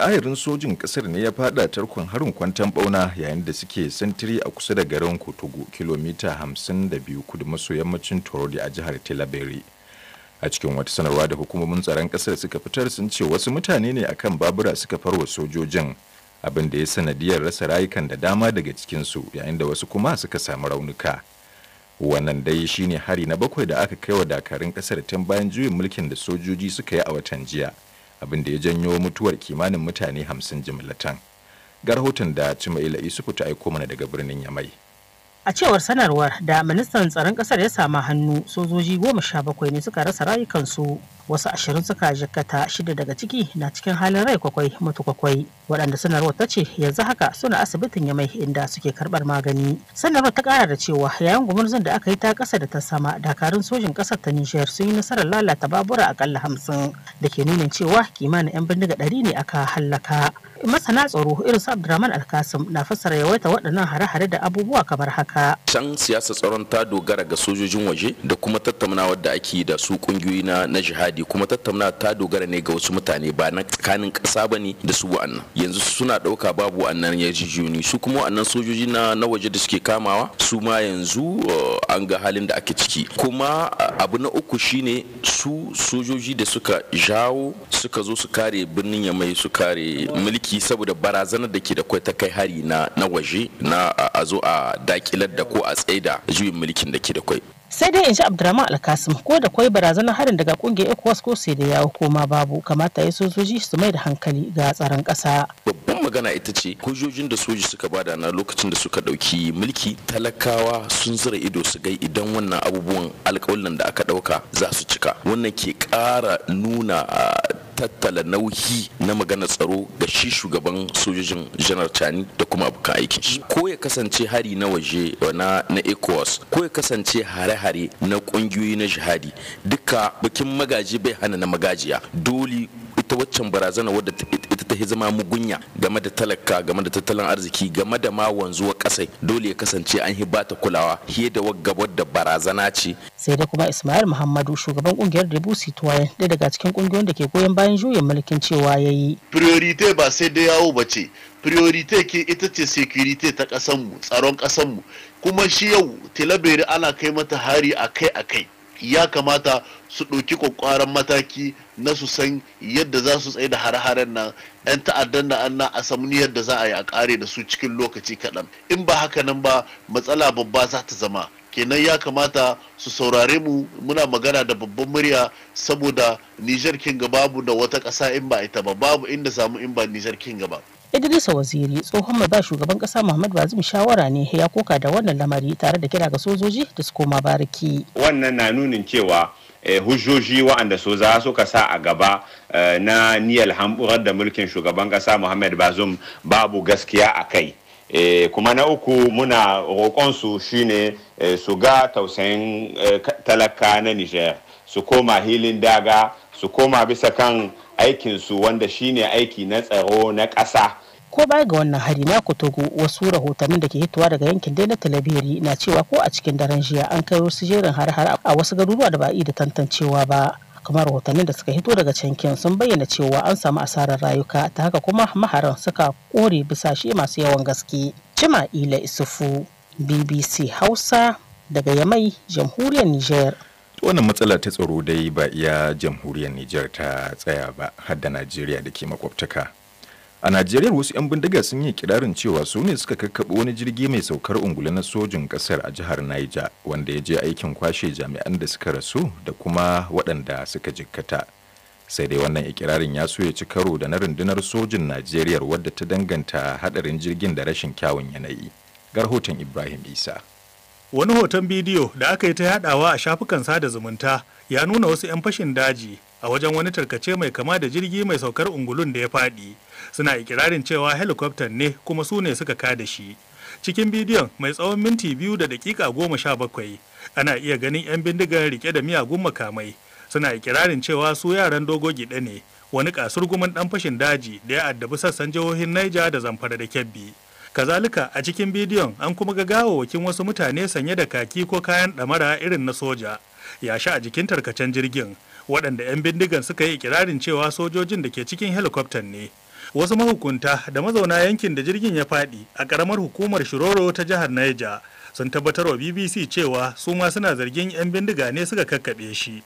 ayarin sojin kasar ne ya fada tarkon harin kwantan bauna yayin da suke sintiri a kusa da garin kotogo kilomita 52 kudu maso yammacin torodi a jihar tilaberi a cikin wata sanarwa da hukumomin tsaron kasar suka fitar sun ce wasu mutane ne akan babura suka farwa sojojin abin da ya sanadiyar rasa rayukan da dama daga cikinsu yayin da wasu kuma suka samu raunuka wannan dai shine hari na bakwai da aka kai wa dakarun kasar tun bayan juyin mulkin da sojoji suka yi a watan jiya abin da ya janyo mutuwar kimanin mutane hamsin jimlatan ga rahoton da cimaila isufu ta aiko mana daga birnin yamai a cewar sanarwar da ministan tsaron kasar ya sama hannu sojoji goma sha bakwai ne suka rasa rayukansu wasu ashirin suka jikkata shida daga ciki na cikin halin rai kwakwai mutu kwakwai waɗanda sanarwar ta ce yanzu haka suna asibitin ya mai inda suke karɓar magani sanarwar ta kara da cewa yayin gumurzun da aka yi ta kasa da ta sama dakarun sojin ƙasar ta nijar sun yi nasarar lalata babura kalla hamsin da ke nunin cewa kimanin 'yan bindiga ɗari ne aka hallaka masana tsaro irin su abdurrahman alkasim na fassara yawaita waɗannan hare-hare da abubuwa kamar haka can siyasa tsaron ta dogara ga sojojin waje da kuma tattaunawar da ake da su ƙungiyoyi na jihadi daɗi kuma tattauna ta dogara ne ga wasu mutane ba na tsakanin ƙasa ba ne da su wa'annan yanzu suna ɗauka babu wa'annan yarjejiyoni su kuma wa'annan sojoji na na waje da suke kamawa su ma yanzu uh, an ga halin da ake ciki kuma uh, abu na uku shine su sojoji da suka jawo suka zo su kare birnin ya mai su kare mulki saboda barazanar da ke da kwai ta kai hari na waje na a zo a dakilar da ko a tsaida juyin mulkin da ke da kwai sai dai in ji abdurrahman alkasim ko da kwai barazanar harin daga kungiyar ecowas ko sai da yawo koma babu kamata ya sojoji su mai da hankali ga tsaron ƙasa babban magana ita ce kujojin da soji suka bada na lokacin da suka ɗauki mulki talakawa sun zira ido su gai idan wannan abubuwan alkawalin da aka ɗauka za su cika wannan ke ƙara nuna tattala nauyi na maganar tsaro ga shi shugaban sojojin janar cani da kuma ka aikin shi ko ya kasance hari na waje na na ecowas ko ya kasance hare-hare na kungiyoyi na jihadi duka bikin magaji bai hana na magajiya dole ita waccan barazana wadda ita ta zama mugunya game da talaka game da tattalin arziki game da ma wanzuwa kasai dole ya kasance an hiba bata kulawa fiye da waggabar da barazana ce sai da kuma ismail muhammadu shugaban kungiyar debusi tuwaye da daga cikin kungiyoyin da ke goyon bayan juyin mulkin cewa ya yi priorite ba sai da yawo ba ce priorite ke ita ce security ta kasanmu tsaron kasanmu kuma shi yau tilaberi ana kai mata hari akai akai ya kamata su ɗauki ƙwaƙwaran mataki na su san yadda za su tsaye da hare-haren nan 'yan ta'addan na anna a samuni yadda za a yi a ƙare da su cikin lokaci kaɗan in ba haka nan ba matsala babba za ta zama kenan ya kamata su saurare mu muna magana da babban murya saboda nijar kin babu da wata ƙasa in ba ita ba babu inda samu in ba nijar kin gaba Idrisa Waziri tsohon mai ba shugaban kasa Muhammad Bazum shawara ne ya koka da wannan lamari tare da kira ga sojoji da su koma bariki. Wannan na nunin cewa eh, hujjoji waɗanda so suka sa a gaba eh, na niyyar hamburar da mulkin shugaban kasa Muhammad Bazum babu gaskiya a kai. E, kuma na uku muna roƙonsu shine e, su ga tausayin talaka na Nijar. su koma hilin daga su koma bisa kan aikinsu wanda shine aiki na tsaro na ƙasa. ko baya ga wannan hari na kutugu wasu rahotannin da ke hitowa daga yankin dai na talabiri na cewa ko a cikin daren jiya an kai wasu jerin har-har a wasu garuruwa da ba da tantancewa ba kamar rahotannin da suka hito daga cankin sun bayyana cewa an samu asarar rayuka ta haka kuma maharan suka kore bisa shi masu yawan gaske jima ila isufu bbc hausa daga yamai jamhuriyar niger wannan matsala ta tsaro dai ba iya jamhuriyar Nijar ta tsaya ba har da Najeriya da ke makwabtaka. A Najeriya wasu 'yan bindiga sun yi kirarin cewa su ne suka kakkaɓo wani jirgi mai saukar ungulu na sojin ƙasar a jihar Niger wanda ya je aikin kwashe jami'an da suka rasu da kuma waɗanda suka jikkata. Sai dai wannan ikirarin ya so ya ci karo da na rundunar sojin Najeriya wadda ta danganta haɗarin jirgin da rashin kyawun yanayi. Ga Ibrahim Isa. wani hoton bidiyo da aka yi ta yadawa a shafukan sada zumunta ya nuna wasu 'yan fashin daji a wajen wani tarkace mai kama da jirgi mai saukar ungulun da ya faɗi suna ikirarin cewa helikoftan ne kuma su ne suka kada shi cikin bidiyon mai tsawon minti biyu da dakika goma sha bakwai ana iya ganin 'yan bindigar rike da miyagun makamai suna ikirarin cewa su yaran dogo gida ne wani kasurguman dan fashin daji da ya addabi sassan jihohin naija da zamfara da kebbi kazalika a cikin bidiyon an kuma ga gawawakin wasu mutane sanye da kaki ko kayan ɗamara irin na soja yashi a jikin tarkacen jirgin waɗanda 'yan bindigan suka yi ikirarin cewa sojojin da ke cikin helikoftan ne wasu mahukunta da mazauna yankin da jirgin ya faɗi a ƙaramar hukumar shiroro ta jihar Niger sun tabbatar wa bbc cewa su ma suna zargin 'yan bindiga ne suka kakkaɓe shi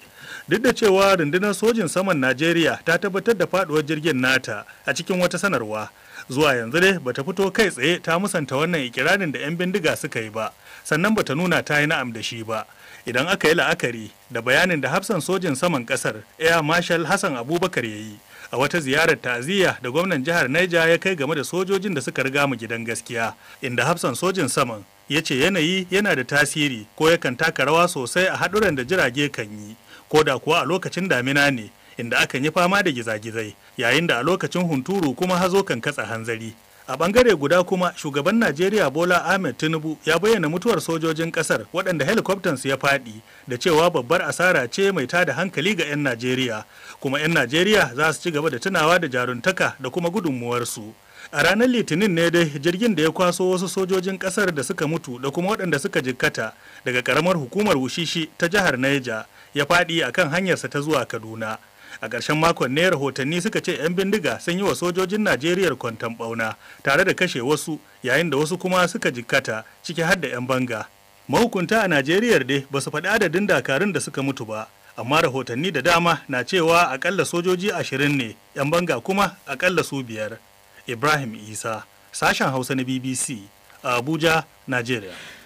duk da cewa rundunar sojin saman najeriya ta tabbatar da faduwar jirgin nata a cikin wata sanarwa zuwa yanzu dai bata fito kai tsaye ta musanta wannan ikirarin da 'yan bindiga suka yi ba sannan bata nuna ta yi na'am da shi ba idan aka yi la'akari da bayanin da hafsan sojin saman kasar air marshal hassan abubakar ya yi a wata ziyarar ta'aziyya da gwamnan jihar Niger ya kai game da sojojin da suka riga mu gidan gaskiya inda hafsan sojin saman ya ce yanayi yana da tasiri ko yakan taka rawa sosai a haɗuran da jirage kan yi ko da kuwa a lokacin damina ne inda akan yi fama da gizagizai yayin da a lokacin hunturu kuma hazo kan katsa hanzari a bangare guda kuma shugaban najeriya bola ahmed tinubu ya bayyana mutuwar sojojin kasar waɗanda helikoftansu ya faɗi da cewa babbar asara ce mai tada hankali ga 'yan najeriya kuma 'yan najeriya za su ci gaba da tunawa da jaruntaka da kuma gudunmuwarsu a ranar litinin ne dai jirgin da ya kwaso wasu sojojin kasar da suka mutu da kuma waɗanda suka jikkata daga karamar hukumar wushishi ta jihar naija ya faɗi akan hanyarsa ta zuwa kaduna a ƙarshen makon ne rahotanni suka ce 'yan bindiga sun yi wa sojojin najeriya kwantan bauna tare da kashe wasu yayin da wasu kuma suka jikkata ciki har da 'yan banga mahukunta a najeriya dai ba su faɗi adadin dakarun da suka mutu ba amma rahotanni da dama na cewa akalla sojoji ashirin ne 'yan banga kuma akalla su biyar ibrahim isa sashen hausa na bbc a abuja najeriya